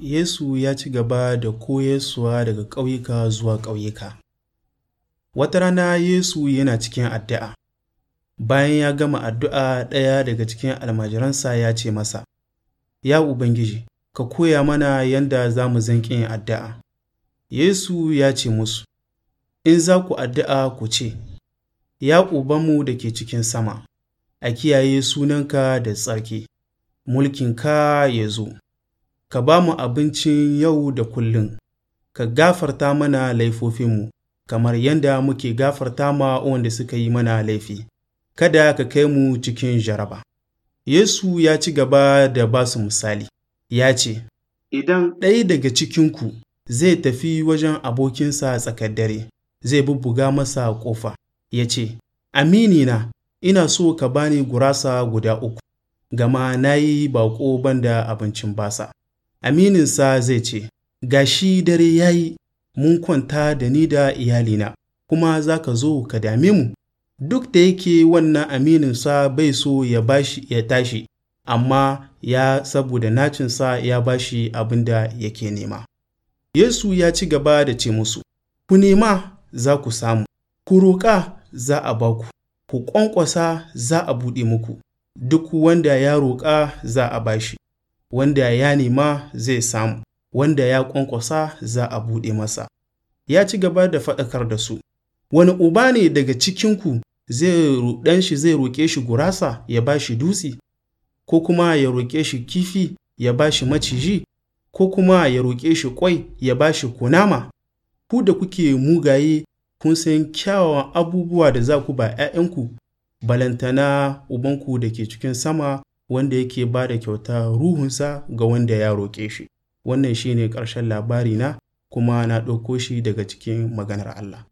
Yesu ya ci gaba da koyarsuwa daga ƙauyuka zuwa ƙauyuka. Wata rana Yesu yana cikin addu'a. Bayan ya gama addu'a ɗaya daga cikin almajiransa ya ce masa, Ya Ubangiji, ka koya mana yanda za mu zanƙin addu'a. Yesu ya ce musu, In za ku addu'a ku ce, Ya Ubanmu da ke cikin sama, a kiyaye sunanka da tsarki, mulkinka ya zo. ka ba mu abincin yau da kullum, ka gafarta mana laifofinmu, kamar yadda muke gafarta ma wanda suka yi mana laifi, kada ka kai mu cikin jaraba. Yesu ya ci gaba da ba su misali, ya ce, Idan ɗaya daga cikinku zai tafi wajen abokinsa tsakar dare, zai bubbuga masa ƙofa, ya ce, Aminina, ina so ka bani gurasa guda uku, gama na yi baƙo banda abincin basa. Amininsa zai ce, Ga shi dare ya yi, mun kwanta da ni da iyalina, kuma za ka zo ka dame mu? Duk da yake wannan amininsa bai so ya bashi ya tashi, amma ya saboda nacinsa ya bashi abin da yake nema. Yesu ya ci gaba da ce musu, Ku nema za ku samu, ku roƙa za a baku, ku ƙwanƙwasa za a buɗe muku, duk wanda ya roƙa za a bashi. wanda ya nema zai samu wanda ya ƙwanƙwasa za a buɗe masa ya ci gaba da faɗakar da su wani uba ne daga cikinku zai ɗan shi zai roƙe shi gurasa ya ba shi dutse ko kuma ya roƙe shi kifi ya ba shi maciji ko kuma ya roƙe shi ƙwai ya ba shi kunama ku da kuke mugaye kun san kyawawan abubuwa da za ku ba 'ya'yanku balantana ubanku da ke cikin sama wanda yake ba da kyauta ruhunsa ga wanda ya roƙe shi wannan shine ƙarshen labari na kuma na ɗauko shi daga cikin maganar Allah